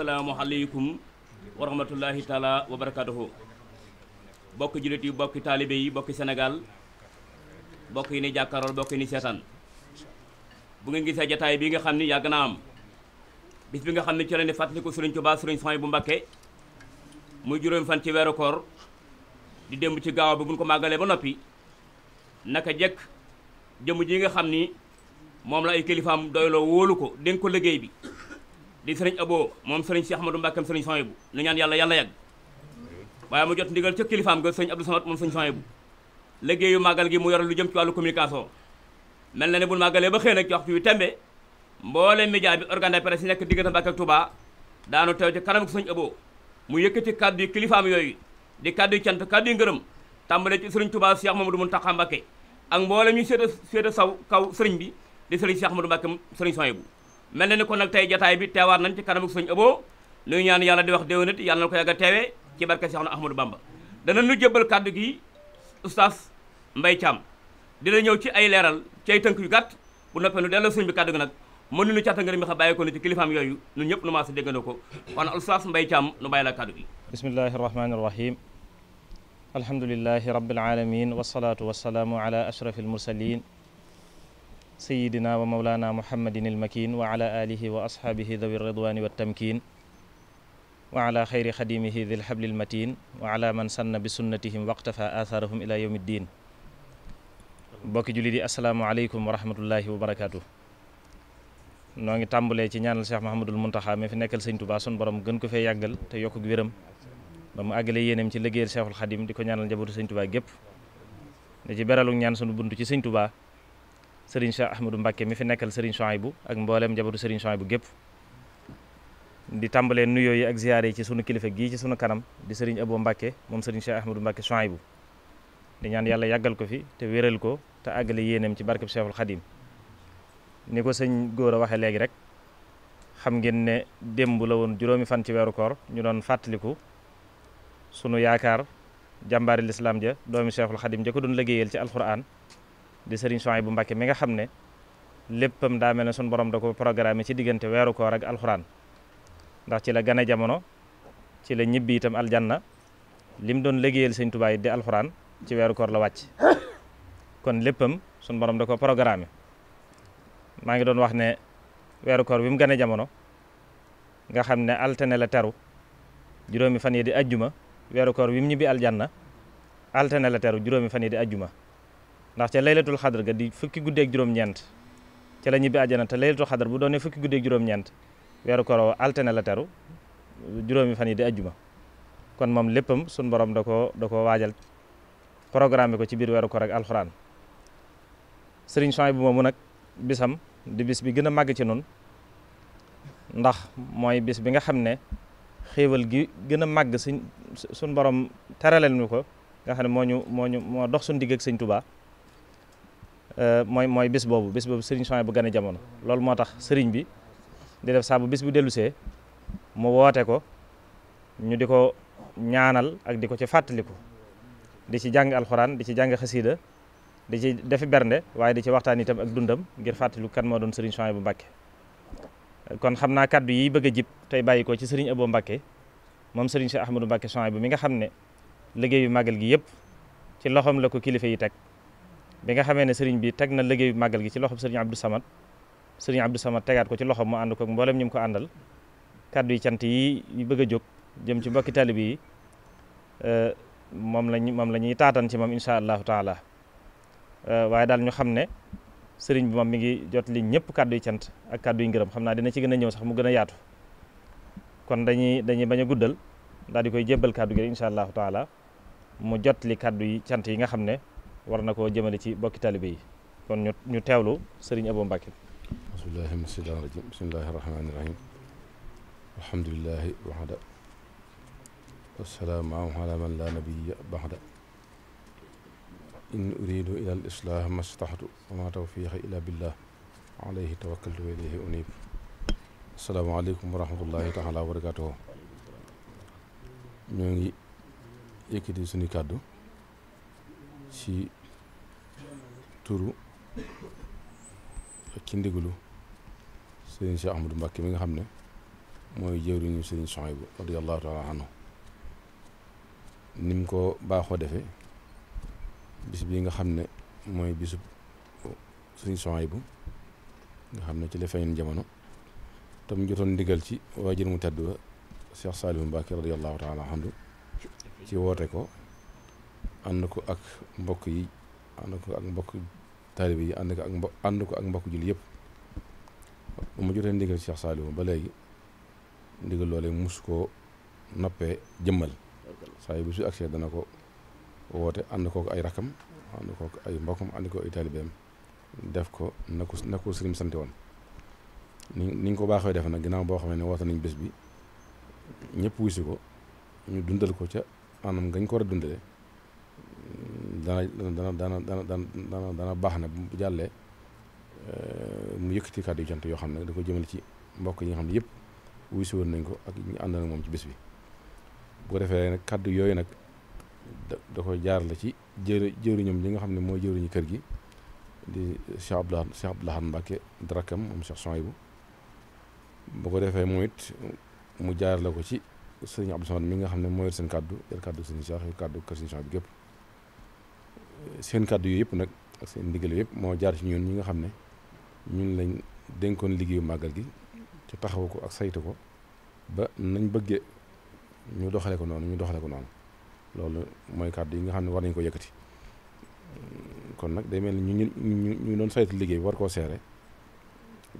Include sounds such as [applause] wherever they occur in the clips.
asalaamualeykum wa rahmatullahi taala wa barakaatuhu bokki jullit yi bokki taalibe yi bokki Sénégal bokk yi ni jàkkaarool bokk yi ni seetaan bu ngeen gisee jataay bi nga xam ni yàgg na am bis bi nga xam ne ci la ni fàttaliku Sëriñ Tuubaa Sëriñ Soy bu Mbàkke muy juróom fan ci weeru koor di démb ci gaaw bi buñ ko màggalee ba noppi naka jëkk jëmm ji nga xam ni moom la ay kilifaam doyloo wóolu ko dénk ko liggéey bi di sëriñ aboo moom sëriñ si ahmadou mbàkkam sëriñ soye bu nu ñaan yàlla yàlla yàgg waaye mu jot ndigal ca kilifaam ga sëriñ abdou samad moom sëriñ soye bu liggéeyu màggal gi mu yor lu jëm ci wàllu communication mel na ne bu màggalee ba xëy nag ci waxtu wi tembe mboole média bi organe de presse yi nekk diggante Mbàkke ak Touba daanu teew ci kanam ko sëriñ aboo mu yëkkati kàddu yi kilifaam yooyu di kàddu yi cant kàddu yi ngërëm tàmbale ci sëriñ Touba Cheikh Mamadou Mountakha Mbacké ak mboole ñu seeta saw kaw sëriñ bi di sëriñ Cheikh Ahmadou Mbacké sëriñ soye bu mel na ni kon nag tey jataay bi teewaat nañ ci kanamu sëñ Abo nuy ñaan yàlla di wax déwénati yàlla na ko yàgg a teewee ci barke Cheikh Ahmadou Bamba dana nu jébbal kàddu gi oustaz Mbaye Thiam dina ñëw ci ay leeral ci ay tënk yu gàtt bu noppee nu delloo sëñ bi kàddu gi nag mën nu nu càtta ngërëm mi xa bàyyi ko ni ci kilifaam yooyu nu ñëpp nu maa si déggandoo ko kon oustaz Mbaye Thiam nu bàyyi la kàddu gi bismillahi rahmani rahim alhamdulilahi rabbil alamin wasalaatu wasalaamu ala ashrafil mursalin sayidina wa mawlana muhammadin almakin wa ala alihi wa ashaabihi dawi ridwani wattamkin wa ala xayri xadimihi dil habli almatin wa ala man sanna bi sunnatihim waqtafa atharahum ila yawmi ddin bokki julli di asalaamualeykum wa rahmatullahi wa barakatuh noo ngi tàmbalee ci ñaanal Cheikh Mahamadul Muntaxa mi fi nekkal sëñ Tuubaa sun borom gën ko fee yàggal te yokku wéram ba mu àggale yéeneem ci liggéeyal Cheikhul Xadim di ko ñaanal njabootu Serigne Cheikh Ahmadou Mbacké mi fi nekkal Serigne bu ak mbooleem njabootu Serigne Souhaïbou gépp di tàmbalee nuyoo yi ak ziyaare yi ci sunu kilifa gii ci sunu kanam di Serigne Abo Mbacké moom Serigne Cheikh Ahmadou Mbacké Souhaïbou di ñaan yàlla yàggal ko fi te wéral ko te àggale yéeneem ci barkeb Cheikhul Khadim ni ko sëñ góor a waxe léegi rek xam ngeen ne démb la woon juróomi fan ci weeru koor ñu doon fàttaliku sunu yaakaar jàmbaari lislaam ja doomi Cheikhul Khadim ja ko doon liggéeyal ci alxuraan di Serigne bu Mbacké mi nga xam ne léppam daa mel ne sunu borom da ko programme ci diggante weeru koor ak alxuraan ndax ci la gana jamono ci la ñibbi itam aljanna lim doon liggéeyal Sëriñ Tuubaa di alxuraan ci weeru koor la wàcc kon léppam sunu borom da ko programme maa ngi doon wax ne weeru koor bi mu gane jamono nga xam ne altene la teru juróomi fan yi di ajjuma weeru koor bi mu ñibbi aljanna altine la teru juróomi fan yi di ajjuma ndax ca laylatul xadar ga di fukki guddeeg juróom-ñeent ca la ñibbi àjjana te laylatul xadar bu doonee fukki guddeeg juróom-ñeent weeru koro altene la teru juróomi fan yi di ajjuma kon moom léppam suñ boroom da ko da ko waajal programme ko ci biir weeru ko rek alxuraan sëriñ Soy bu moomu nag bisam di bis bi gën a màgg ci noonu ndax mooy bis bi nga xam ne xéewal gi gën a màgg suñ suñ borom teraleel ñu ko nga xam ne moo ñu moo ñu moo dox suñ digg ak sëñ Tuubaa Euh, mooy mooy bis boobu bis boobu sëriñ Souhaïbou bu gane jamono loolu moo tax sëriñ bi di def saa bu bis bu dellusee mu woote ko ñu di ko ñaanal ak di ko ci fàttaliku di ci jàng alxuraan di ci jàng xasiida di ci defi bernde waaye di ci waxtaan itam ak dundam ngir fàttaliku kat moo doon sëriñ Souhaïbou bu Mbàkke kon xam naa kàddu yi bëgg a jib tey bàyyi ko ci sëriñ Abo Mbàkke moom sëriñ si Ahmadou Mbàkke Souhaïbou bu mi nga xam ne liggéey liggéeyu màggal gi yëpp ci loxoom la ko kilifa yi teg bi nga xamee ne sëriñ bi teg na liggéeyu màggal gi ci loxob sëriñ Abdou Samad sëriñ Abdou Samad tegaat ko ci loxo mu ànd ko ak mboolem ko àndal kàddu yi cant yi yu bëgg a jóg jëm ci mbokki taalib yi euh, moom lañ moom la ñuy taatan ci moom incha allahu taala euh, waaye daal ñu xam ne sëriñ bi moom mi ngi jot li ñëpp kàddu yi cant ak kàddu yi ngërëm xam naa dina ci gën a ñëw sax mu gën a yaatu kon dañuy dañuy bañ a guddal daal di koy jébbal kàddu gi incha allahu taala mu jot kàddu yi cant yi nga xam ne war na koo jëmale ci bokki taalibe yi kon ñu ñu teewlu sëriñ Abo Mbàkke bismillahi min seytaan rajim bismillahi rahmaani rahim alhamdulilahi waxda wassalaamu ala man laa nabiya baxda in uridu ila al islah mastaxtu wama tawfiqi ila billah alayhi tawakkaltu wa ilayhi unib asalaamaaleykum wa rahmatullahi taala wa ñoo ngi yëkkati suñu kàddu ci turu ak ci ndigalu sëriñ Cheikh Ahmadou Mbacké mi nga xam ne mooy jëwriñu sëriñ Souhaïbou radiyallahu taala anhu ni mu ko baaxoo defe bis bi nga xam ne mooy bisu sëriñ Souhaïbou nga xam ne ci la feeñoon jamono tam jotoon ndigal ci waajur mu tedd ba Cheikh Saliou Mbacké radiyallahu taala anhu ci woote ko ànd ko ak mbokk yi ànd ko ak mbokk taalibe yi ànd ko ak mbokk ànd ko ak mbokk julli yépp bu ma jotee ndigal Cheikh Saliou ba léegi ndigal loolee mus koo noppee jëmmal saa yu bu su agsee dana ko woote ànd kook ay rakam ànd kook ay mbokkam ànd ko ay taalibeem def ko na ko na ko sëriñ sant woon ni ni ko baaxee def nag ginnaaw boo xam ne woote nañ bés bi ñëpp wusi ko ñu dundal ko ca anam nga ñu ko war dundale dana dana dana dana dana dana baax ne bu jàllee euh, mu yëkkati kàddu yu cant yoo xam ne da ko ci mbokk yi nga yëpp wuy woon nañ ko ak ñu ànd na moom ci bis bi bu ko defee nag kàddu yooyu nag da koy jaar la ci jëri jëriñam li nga xam ne mooy jëriñu kër gi di Cheikh Abdoulaye Cheikh Abdoulaye Mbacke Drakam moom Cheikh Souhaïbou bu ko defee mooy it mu jaar la ko ci sëriñ Abdou Samad mi nga xam ne mooy seen kàddu yar kàddu sëriñ Cheikh kàddu kër sëriñ Cheikh bi gépp seen kàddu yooyu yëpp nag ak seen ndigal yëpp moo jaar ci ñun ñi nga xam ne ñun lañ dénkoon liggéeyu màggal gi ci taxawu ko ak saytu ko ba nañ bëggee ñu doxale ko noonu ñu doxale ko noonu loolu mooy kàddu yi nga xam ne war nañ ko yëkkati kon nag day mel ni ñu ñu ñu doon saytu liggéey war koo seere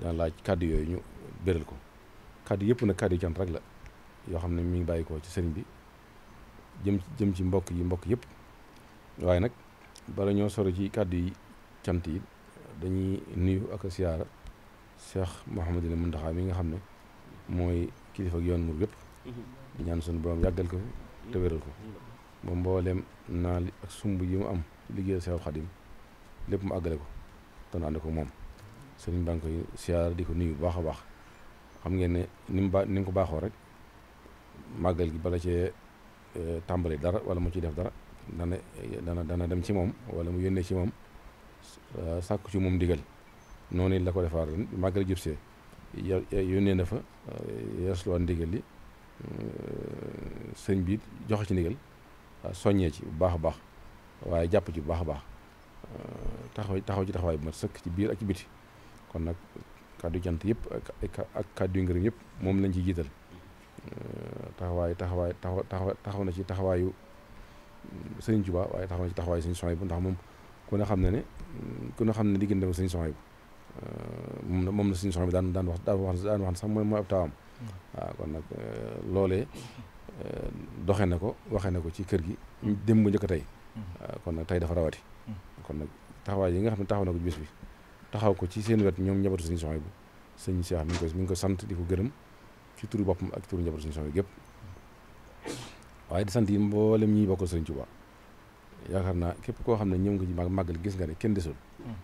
daan laaj kàddu yooyu ñu béral ko kàddu yëpp nag kàddu yu cant rek la yoo xam ne mi ngi bàyyi ko ci sëriñ bi jëm jëm ci mbokk yi mbokk yëpp waaye bala ñoo soro ci kàddu yi cant yi dañuy nuyu ak a siyaara Cheikh Mouhamadul Mountakha mi nga xam ne mooy kilifa ak yoon mur yëpp mhm. di ñaan sunu borom yàggal ko fi te wéral ko ba mbooleem naal ak sumb yi mu am liggéeyal Seex lépp mu àggale ko ko moom sëriñ baa ngi koy siyaara di ko nuyu bu baax a baax xam ngeen ne ni mu ba ni mu ko baaxoo rek màggal gi bala cee eh, tàmbali dara wala mu ciy def dara dana dana dana dem ci moom wala mu yónnee ci moom euh, sàkku ci moom ndigal noonu la ko defaar ren màggal jub see yónnee na fa euh, yeesluwaat ndigal li euh, sëñ bi joxe ci ndigal soññee ci bu baax a baax waaye jàpp ci baax a baax taxaw taxaw ci taxawaay bu mat sëkk ci biir ak ci biti kon nag kàddu jant yëpp ak kàddu yu ngërëm yëpp moom lañ ci jiital taxawaay taxawaay taxaw taxaw na ci taxawaayu. sëñ Touba waaye taxaw na ci taxawaay Serigne bu ndax moom ku ne xam ne mm, ne ku a xam ne diggante ma Serigne Souhaïbou euh, moom moom na Serigne Souhaïbou daan daan wax daan wax daan wax sax mooy mooy ab taawam waaw kon nag euh, loolee euh, doxe na ko waxee na ko ci kër gi démb njëkk tey kon nag tey dafa rawati kon nag taxawaay yi nga xam ne taxaw na ko ci taxaw ko ci seen wet ñoom njabootu Serigne Souhaïbou Serigne Cheikh mi ko mi ngi ko sant di ko gërëm ci turu boppam ak turu njabootu Serigne Souhaïbou gépp waaye di sant yi mboolem ñiy bokk Sëriñ Tuubaa yaakaar naa képp koo xam ne ñëw nga ci mag màggal gis nga ne kenn desul mm.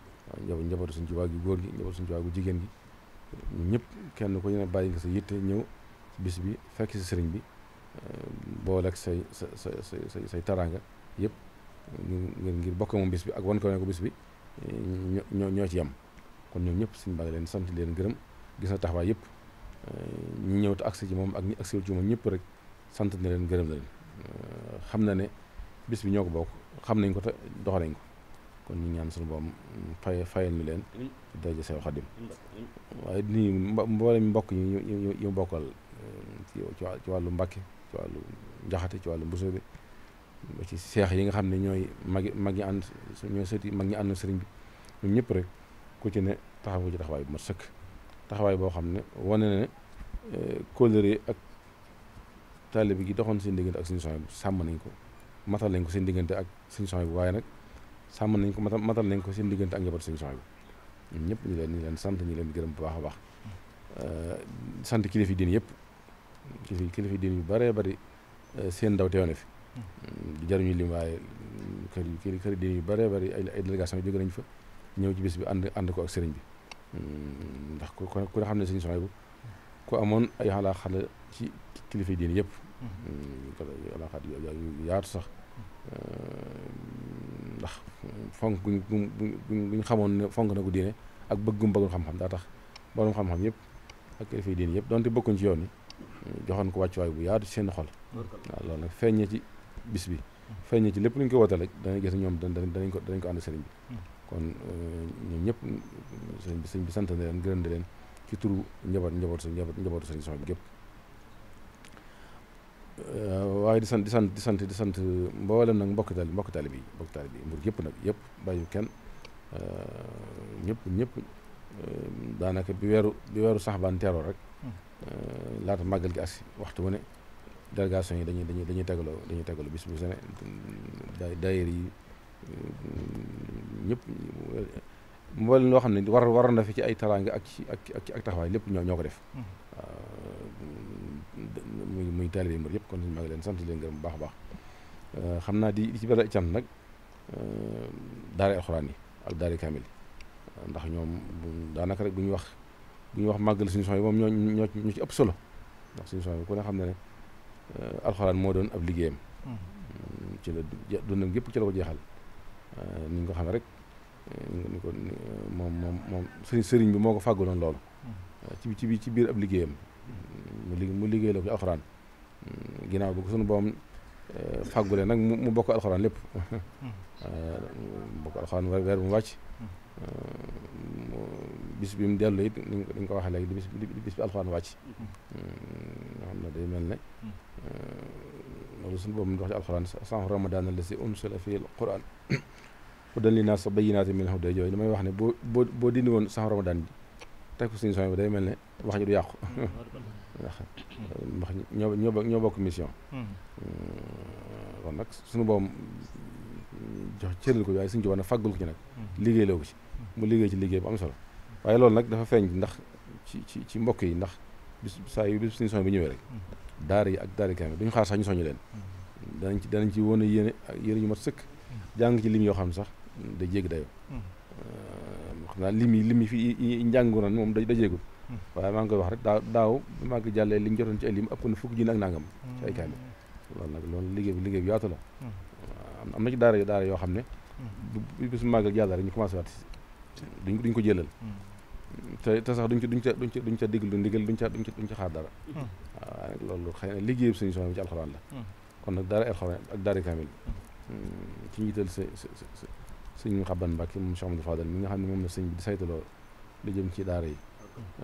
waaw njabootu Sëriñ Tuubaa gu góor gi njabootu suñ Tuubaa gu jigéen gi ñëpp kenn ku ñu ne bàyyi nga sa yitte ñëw bis fekk sëriñ bi eh, boole say sa sa say say taraanga yëpp ngir bokk moom bi ak wan ko ko bis bi eh, ñoo ñoo ci yem kon ñoom ñëpp suñ bàyyi leen sant leen gërëm gis na taxawaay yëpp eh, ñi ñëw te agsi moom ak ñi agsiwul ci moom ñëpp rek sant na leen gërëm na leen xam na ne bis bi ñoo ko bokk xam nañ ko te dox ko kon ñu ñaan suñu boom fay fayal ñu leen daje Seex Xaadim waaye nii mboolem mbokk yi ñu ñu bokkal ci wàllu Mbàkke ci wàllu Njaxate ci wàllu Mbusoobe ba ci seex yi nga xam ne ñooy magi mag ñi ànd ñooy sëti mag ñi ànd sëriñ bi ñoom ñëpp rek ku ci ne taxaw ci taxawaay bu mat sëkk taxawaay boo xam ne wane na ne eh, kóllëre ak taalibe gi doxoon seen diggante ak suñu son bu sàmm nañ ko matal nañ ko seen diggante ak suñu son bu waaye nag nañ ko matal nañ ko seen diggante ak njaboot suñu son ñëpp ñu leen ñu leen sant ñu leen gërëm bu baax a baax euh, sant kilifa diin yëpp kilifa kilifa yi diin yu bëree bari euh, seen ndaw teew na fi jaruñu lim waaye kër yi kër diin yu bëree bari ay délégation jóge nañ fa ñëw ci bi ànd ànd ko ak sëriñ bi hmm, ndax ku ku xam ne suñu son bu ku amoon ay xalaat la ci kilifa diine yëpp. Mm-hmm. Mm, xalaaxaat yaatu sax mm-hmm. ndax fonk guñ guñ xamoon ne fonk na ku diine ak bëggum bëggul xam-xam daa tax borom xam-xam yëpp ak kilifa diine yëpp donte bokkuñ ci yoon yi mm, joxoon ko wàccuwaay bu yaatu ci seen xol. waaw loolu nag feeñee ci bis bi. Mm-hmm. feeñee ci lépp lu ñu ko wootee rek danañ gis ñoom danañ ko danañ ko ànd sëriñ bi. kon euh, ñoom ñëpp sëriñ bi sëriñ bi sant na leen gërëm na leen. ci turu njaboot njaboot sa njabootu sëriñ Soxna gépp euh, waaye di sant di sant di sant di sant mboolem nag mbokk taali mbokk taali bi mbokk taali bi mbir yëpp nag yëpp bàyyi kenn euh, ñëpp ñëpp euh, daanaka bi weeru bi weeru saxbaan teeroo rek laata màggal gi asi waxtu wu ne délégation yi dañuy dañuy dañuy tegaloo dañuy tegaloo bis bu sene daayir yi ñëpp mboolem loo xam ne war war na fi ci ay taraanga ak ci ak ak ak taxawaay lépp ñoo ñoo ko def. Hmm. muy muy taalibe mbir yëpp kon maa ngi leen sant leen bu baax a euh, xam naa di di ci bëri cant nag euh, daara alxuraan yi ak euh, daanaka rek bu ñuy wax bu ñuy wax màggal suñu soxla moom ñoo ñoo ñoo ci ëpp solo ndax suñu soxla xam ne ne alxuraan moo doon ab liggéeyam. Hmm. Hmm, ci la dundam ci la ko jeexal ni ko xam rek. ko moom moom moom sëriñ sëriñ bi moo ko fàggaloon loolu hmm. ci ci ci biir ab liggéeyam mu liggéey mu liggéey la ko alxuraan hmm, ginnaaw bi ko sunu boom eh, fàggule nag mu bokk alxuraan lépp [laughs] hmm. eh, bokk alxuraan weer mu wàcc eh, bis bi mu dellu it dañ ko waxee léegi di bis bis bi alxuraan wàcc nga xam ne day mel ne loolu sunu boom mu wax ci alxuraan sànq ramadan la si unsila fi alxuraan hudan li naas bayyinaatin minal hudaa jooyu damay wax ne boo boo boo dindi woon sax ramadaan bi teg ko suñu son bi day mel ne wax ñu du yàqu ndax wax ñoo ñoo ñoo bokk mission hmm. kon nag jox cëral ko waaye suñu ci war na ko ci nag liggéey loo ko ci mu liggéey ci liggéey bu am solo waaye loolu nag dafa feeñ ndax ci ci ci mbokk yi ndax bis saa yu bis suñu soñ bi ñëwee rek hmm. daara yi ak daara kaamil duñu xaar sax ñu soñu leen hmm. danañ ci danañ ci woon a yéene yéene ñu mat sëkk day jéggi dayoo. xam hmm. euh, naa lim yi lim yi fi njàngoon moom da jéegul. Hmm. waaye maa ngi koy wax rek daaw daaw maa ngi jàllee li ñu jotoon ci ay lim ëpp na fukki junni ak nangam. ci ay kaamil hmm. loolu nag loolu liggéey bi liggéey bi yaatu la. am na ci daara daara yoo xam ne. bu bis màggal yàlla rek ñu commencé waat duñ duñ ko jëlal. te te sax duñ ca duñ ca duñ ca duñ liggéey bi suñu soxna bi ci alxuraan la. kon nag daara alxuraan ak daara kaamil ci njiital sëñ mu xaban Mbàkke moom Cheikh Amadou Fadal mi nga xam ne moom la sëñ bi di saytuloo lu jëm ci daara yi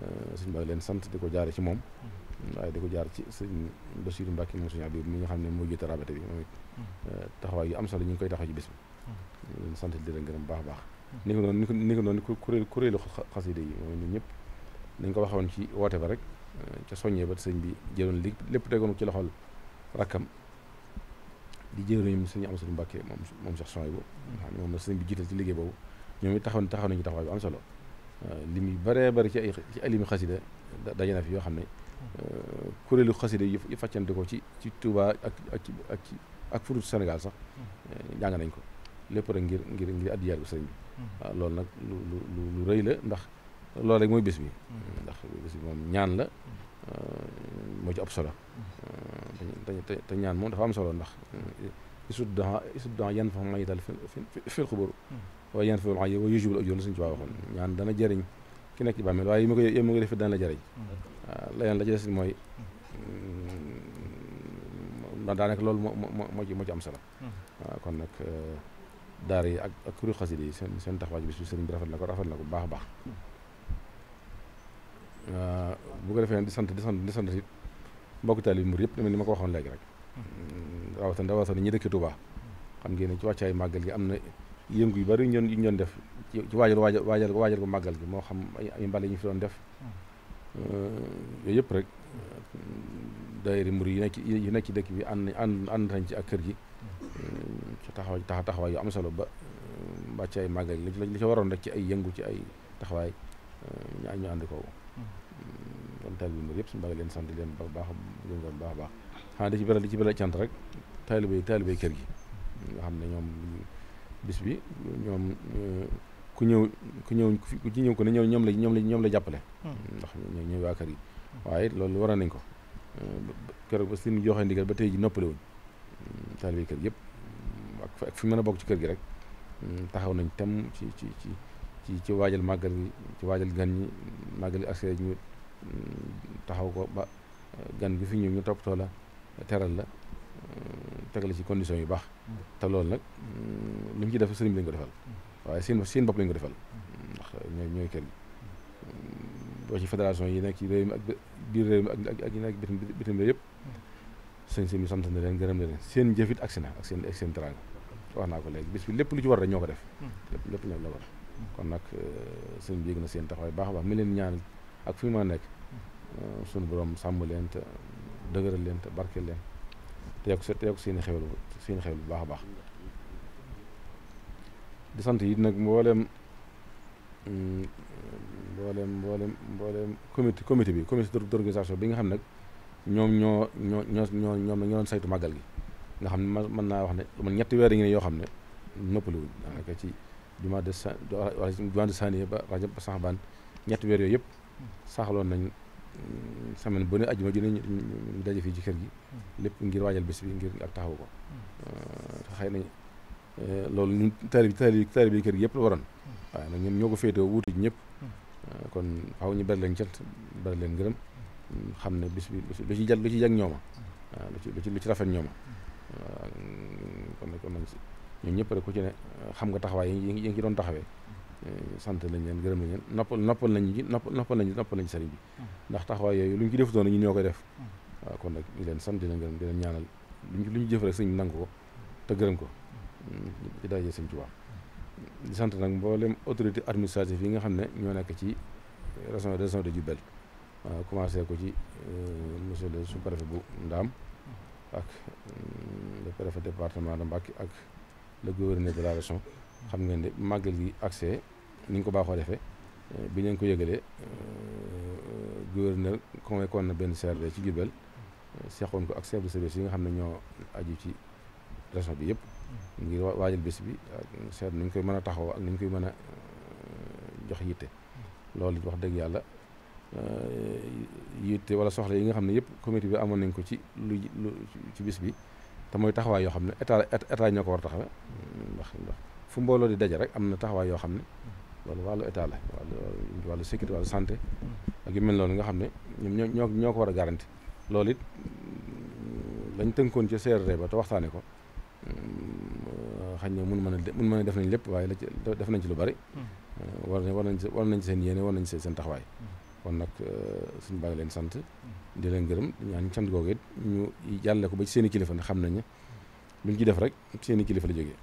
euh, sëñ baa sant di ko jaare ci moom mm-hmm. waaye di ko jaar ci sëñ Basiiru Mbàkke moom sëñ Abib mi nga xam ne moo jiite rabate bi moom it mm-hmm. euh, taxawaay am solo ñu ngi koy taxaw ci bi mm-hmm. leen sant di leen gërëm baax baax ni ko noonu ni ko ni ko noonu kuréel kuréelu xaside yi moom ñun ñëpp dañ ko waxoon ci woote ba rek euh, ca soññee ba sëñ bi jëloon lépp tegoon ci loxol rakkam di jëwriñu sëñ Amsatu Mbàkke moom moom Cheikh Souhaïbou nga xam ne moom la sëñ bi jiital ci liggéey boobu ñoom it taxaw taxaw nañu taxawaay bu am solo euh, lim yu bëree bëri ci ay ci alimi xasida daje na fi yoo xam ne euh, kuréelu xasida yu fàccante ko ci ci Touba ak ak ci ak ci ak furu Sénégal sax mm. euh, jàng nañ ko lépp rek ngir ngir ngir addiyaal bu sëriñ bi mm. waaw loolu nag lu lu lu rëy la ndax loolu rek mooy bés bi mm. ndax bés bi moom ñaan la moo ci ëpp solo te ñaan moom dafa am solo ndax isud da isud da yan fa ma yital fil xubur hmm. waaye yan fa ma yital waaye yujubul ajoon suñu ñaan dana jëriñ ki nekk ci bàmmeel waaye yi ma ko yi ma ko defee dana hmm. ah, la jëriñ leneen la ci mooy hmm. daanaka loolu moo moo moo ci moo ci am solo waaw ah, kon nag eh, daara yi ak ak kuréel xasida yi seen seen taxawaay bi su sëriñ bi rafet na ko rafet na ko bu baax a baax bu ko defee di sant di sant di sant it mbokk taalibe murid yëpp ni ma ko waxoon léegi rek hmm. rawatina rawatina ñi dëkk Touba xam ngeen ne ci wàccaay màggal gi am na yëngu yu bari ñu doon ñu doon def ci waajal waajal waajal ko màggal gi moo xam ay mbale yi ñu fi doon def hmm. yooyu yëpp rek daayira murid yi nekk yi nekk ci dëkk bi ànd ànd ànd nañ ci ak kër gi hmm. ci taxaw taxawaay yu am solo ba wàccaay màggal gi li ci waroon rek ci ay yëngu ci ay taxawaay ñu ànd ko kon taalibe bi mbir yëpp suñu bala leen sant leen baax baax leen gërëm baax baax xanaa di ci beral di ci beral cant rek taalibe taalibe kër gi nga xam ne ñoom bis bi ñoom ku ñëw ku ñëw ku ci ñëw ko ne ñoom la ñoom la ñoom la jàppale hmm. ndax ñoo waa kër yi waaye loolu waroon nañ ko keroog ba suñu joxee ndigal ba tey ji noppalewuñ taalibe kër yëpp ak fi mën a bokk ci kër gi rek taxaw nañ tem ci ci ci ci ci waajal màggal yi ci waajal gan ñi màggal accès ñu taxaw ko ba gan gi fi ñëw ñu toppatoo la teral la tegal ci condition yu baax te loolu nag li ci def sëriñ bi lañ ko defal waaye seen seen bopp lañ ko defal ndax ñooy ñooy kenn boo ci fédération yi nekk réew mi ak biir réew mi ak ak yi nekk bitim bitim réew yëpp sëñ sëñ bi sant na leen gërëm na leen seen jëfit agsi na ak seen ak seen teraanga wax naa ko léegi bis bi lépp lu ci war rek ñoo ko def hmm. lépp lépp ñoo la war kon nag sëñ bi yëg na seen taxawaay baax a baax mi leen ñaan ak fi ñu nekk euh, suñu borom sàmm leen te dëgëral leen te barkeel leen te yokk te yokk seen i xewlu bu baax a baax di sant yi nag mbooleem mm, mboolem mboolem mboolem comité comité bi comité d'organisation bi nga xam nag ñoom ñoo ñoo ñoo ñoo ñoom ñoo doon saytu màggal gi nga xam ne man mën naa wax ne man ñetti weer yi yoo xam ne noppaluwuñ daanaka ci jumaa de sa wala jumaa de saniye ba rajab ba saxbaan ñetti weer yooyu yëpp saxaloon nañ mm, semaine bu ne ajuma ju ne ñu daje fii ci kër gi mm. lépp ngir waajal bés bi ngir ak taxawu ko mm. euh, xëy nañ euh, loolu ñun taali taali taali kër gi yëpp la waroon waaye ñoo ko féetewoo wuute ñëpp euh, kon faaw ñu bari leen cant bari leen gërëm xam ne bis bi lu ci jal lu ci jag ñooma lu ci lu ci rafet ñooma kon nag kon nag ñoom ñëpp rek ku ci ne xam nga taxawaay yi ngi ci doon taxawee Eh, sant nañ leen gërëm nañ leen noppal noppal nañ ci noppal noppal nañ noppal nañ sëriñ bi ndax taxawaay yooyu luñ ñu ci def doon ñu ñoo koy def waaw kon nag ñu leen sant di leen gërëm di leen ñaanal luñ lu ñu jëf rek sëñ bi nangu ko te gërëm ko di dajee sëñ Tuubaa di sant nag mboolem autorité administrative yi nga xam ne ñoo nekk ci région région de Diourbel waaw commencé ko ci euh, monsieur le sous bu Ndaam ak mm, le préfet département de ak le gouverneur de la région xam ngeen ne màggal gi accès ni ñu ko baaxoo defee eh, bi ñu leen ko yëgalee eh, gouverneur convoqué woon na benn CRD ci Diourbel eh, seexoon ko ak chef de service yi nga xam ne ñoo aju ci région bi yëpp ngir waajal bés bi ak seet ni ñu koy mën a taxaw ak ni ñu koy mën a jox yitte loolu wax dëgg yàlla yitte wala soxla yi nga xam ne yëpp comité bi amoon nañ ko ci lu ci bis bi te mooy taxawaay yoo xam ne état état ñoo ko war a taxawee ndax ndax fu mbooloo di daje rek am na taxawaay yoo xam ne loolu wàllu état la wàllu wàllu sécurité wàllu santé mm. ak yu mel noonu nga xam ne ñoom ñoo ñoo ko war a garanti loolu it mm, lañ tënkoon ci CRD ba te waxtaane ko mm, xañ na mun mën a mun mën def nañ lépp waaye la def nañ ci lu bari war nañ war nañ seen yéene war nañ ci seen taxawaay kon nag euh, suñ bàyyi leen sant di leen gërëm ñaan sant googu it ñu jàlle ko ba ci seen i kilifa ndax xam nañ ne ci def rek seen kilifa la jógee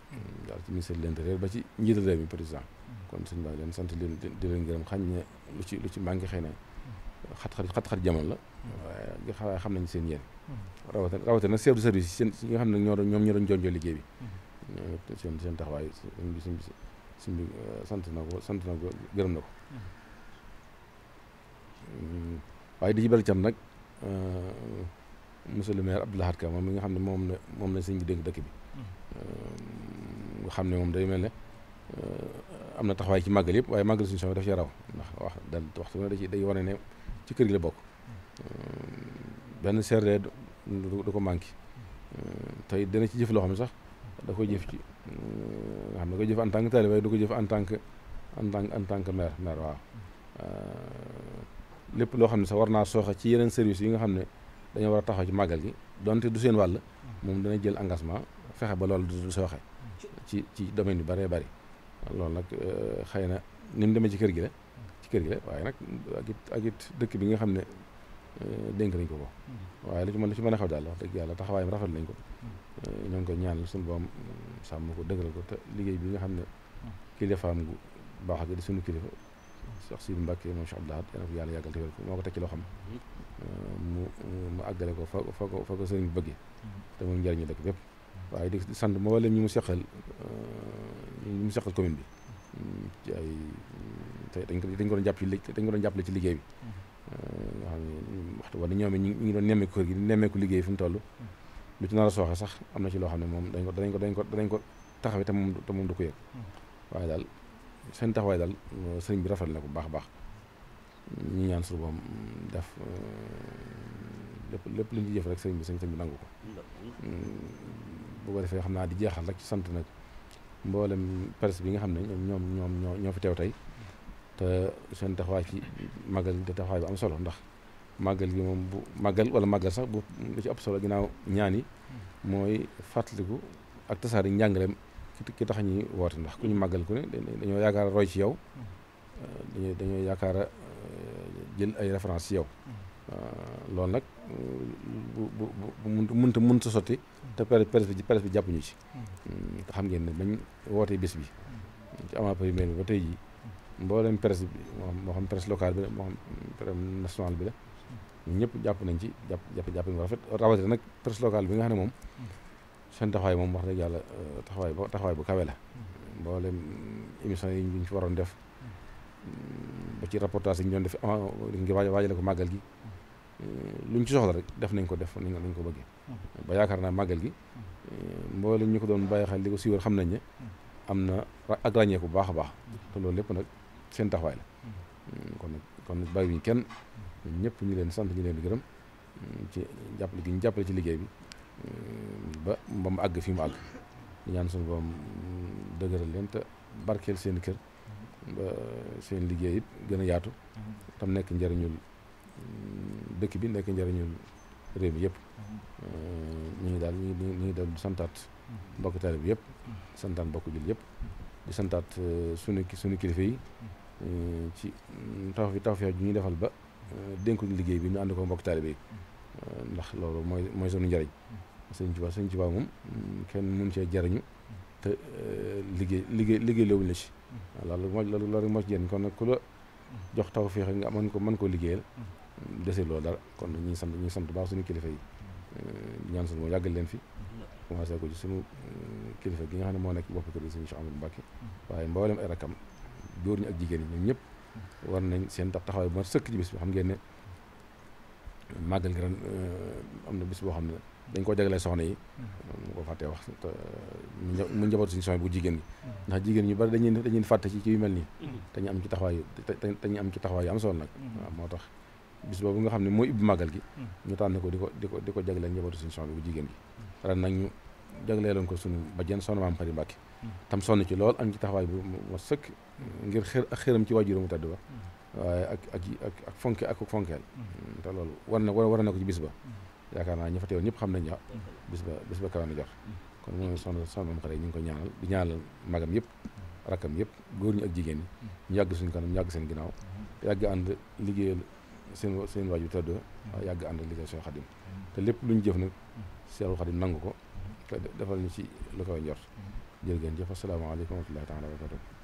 daal ci ministère de l'intérieur ba ci njiital réew mi président kon sëñ baa leen sant leen di gërëm xañ ne lu ci lu ci maa ngi xëy na xat-xat xat-xat jamono la waaye xawaa xam nañ seen yéen rawate rawatina chef de service seen ñi nga xam ne ñoo doon ñoo doon jonjoo liggéey bi seen seen taxawaay sëñ bi sëñ bi euh, sant na ko na ko gërëm na ko waaye di ci bari cam nag euh, monsieur le maire Abdou Lahad moom nga xam ne moom la moom la sëñ bi dëkk bi hmm. euh, nga xam ne moom day mel ne am na taxawaay ci màggal yëpp waaye màggal suñu soxla daf ci raw ndax wax dal waxtu bi da ciy day wane ne ci kër la bokk euh, benn CRD du ko manqué euh, tey dana ci jëf loo xam ne sax da koy jëf ci euh, xam ne koy jëf en tant du ko jëf en tant que en tant maire maire waaw lépp loo xam ne sax war naa sooxa ci yeneen service yi nga xam ne dañoo war a taxaw màggal gi donte du seen wàll moom dana jël engagement fexe ba loolu du sooxe ci ci domaine yu bëree bëri loolu nag euh, xëy na ni mu demee ci kër gi la ci kër gi la waaye nag ak it ak it dëkk bi nga xam ne euh, dénk nañ ko ko mm-hmm. waaye li ci mën li ci mën a xaw daal wax dëgg yàlla taxawaayam rafet nañ ko mm-hmm. euh, ñoo ngi ko ñaanal suñu boom sàmm ko dëgëral ko te liggéey bi nga xam ne mm-hmm. kilifaam gu baax gi di suñu kilifa sax si Mbàkke moom Cheikh daal yàlla ko yàlla yàggal te ko moo ko teg ci loo xam mu mu àggale ko fa fa ko fa ko sëriñ bi bëggee te muy njëriñu dëkk bépp waaye di sant mboolem ñi mu seqal euh, ñi mu seqal commune bi ay te dañ ko dañ ko doon jàpp ci dañ ko jàppale ci liggéey bi mm-hmm. euh, nga xam ñu ngi gi nemmeeku liggéey fi mu toll mm-hmm. lu ci nar a sax am na ci loo xam ne moom dañ ko dañ ko dañ ko dañ ko taxawee te moom te moom du ko yëg mm-hmm. waaye daal seen taxawaay daal euh, sëriñ bi rafet na ko baax baax ñu ñaan suñu boom def lépp lépp lu ci jëf rek sëriñ bi sëriñ bi nangu ko mm. boo ko defee xam naa di jeexal rek ci sant nag mboolem presse bi nga xam ne ñoom ñoom ñoo ñoo fi teew tey te seen taxawaay ci màggal de taxawaay bu am solo ndax màggal gi moom bu màggal wala màggal sax bu lu ci solo ginnaaw ñaan mooy fàttaliku ak tasaare njàngaleem ki tax ñuy woote ndax ku ñu màggal ku ne dañoo yaakaar roy ci yow mm-hmm. dañoo yaakaar a euh, jël ay référence ci yow mm-hmm. Euh, loolu nag bu bu bu mënut a mënut a sotti te presse bi presse bi jàppuñu ci. Mm. xam ngeen ne bañ wootee bés bi. Mm. ci avant première bi ba tey jii mboolem presse bi moo xam presse bi la moo xam bi la mm. ñëpp jàpp nañ ci jàpp jàpp jàpp nañ ko rafet nag presse bi nga xam ne moom. seen taxawaay moom wax dëgg yàlla euh, taxawaay ba taxawaay bu kawe la. mboolem émission yi ñu fi waroon def. mu ci reportage yi ñu doon def avant ngir waajale ko màggal gi. Euh, luñ ci soxla rek def nañ ko def nañ ko bëggee mhm. ba yaakaar naa màggal gi mhm. mboolem ñu ko doon bàyyi xel li ko siiwal xam nañ ne mhm. am na ak ràññeeku bu baax a baax te loolu lépp nag seen taxawaay la mm, kon nag kon bàyyi ñu kenn ñëpp ñu leen sant ñu leen di gërëm mm, ci jàppale gi ñu jàppale ci liggéey bi mm, ba ba mu àgg fi mu àgg di ñaan suñu boom dëgëral leen te barkeel seen kër ba seen liggéey it gën a yaatu tam nekk njëriñul dëkk bi nekk njariñu réew mi yëpp mhm. euh, ñu ngi daal ñu ngi daal di santaat mbokk taalibe bi yëpp santaat mbokk jul yëpp di santaat euh, sunu sunu kilifa yi euh, ci taw fi taw feex ju ñuy defal ba dénkuñu liggéey bi ñu ànd ko mbokk taalibe yi ndax loolu mooy mooy sunu njëriñ sëñ Tuubaa sëñ Tuubaa moom mm, kenn mun cee jariñu te liggéey liggéey liggéey lawuñu la si mm. loolu moo loolu moo kon nag ku la mm. jox taw feex nga mën ko mën koo liggéeyal dese loolu dara kon ñu ngi sant ñu sant baax suñu kilifa yi euh, ñaan suñu moo yàggal leen fi commencé ko ci suñu euh, kilifa gi nga xam ne moo nekk ci bopp kër gi suñu Cheikh Amadou Mbacke waaye mboolem ay rakam góor ñi ak jigéen ñi ñëpp war nañ seen tax taxawaay bu ma sëkk ci bis xam ngeen ne euh, màggal gi ren am na bis boo xam ne dañ koo jagalee soxna yi mu ko fàttee wax mu njabootu suñu soxna bu jigéen ndax jigéen ñu bari dañuy dañuy fàtte ci ci yu mel nii mm-hmm. te ñu am ci taxawaay te ñu am ci taxawaay am solo nag mm-hmm. waaw moo tax bis bu nga xam ne mooy ibbi màggal gi hmm. ñu tànn ko di ko di ko di ko jagleel njabootu suñu soxna bu jigéen gi hmm. ren nag ñu jagleeloon ko suñu bajeen soxna maam Xari Mbàkke hmm. tam sonn ci lool am ci taxawaay bu ma sëkk ngir xër ak xëram ci waajuramu tedd ba waaye ak ak ak ak fonke ak fonkeel te loolu war na war na ko ci bis ba yaakaar naa ñi fa teewoon ñëpp xam nañ bis ba bis ba kaw na jot kon moom soxna soxna maam Xari ñu ngi ko ñaanal di ñaanal magam yëpp rakkam yëpp góor ñi ak jigéen ñi ñu yàgg suñu kanam ñu yàgg seen ginnaaw yàgg ànd liggéeyal seen seen waaju tëdd mm-hmm. yàgg ànd ak liggéey Seex Xadim mm-hmm. te lépp lu ñu jëf nag mm-hmm. Seexul Xadim nangu ko defal ñu ci lu koy njort jërë ngeen jëf asalaamaaleykum wa rahmatullahi taala wa barakatuh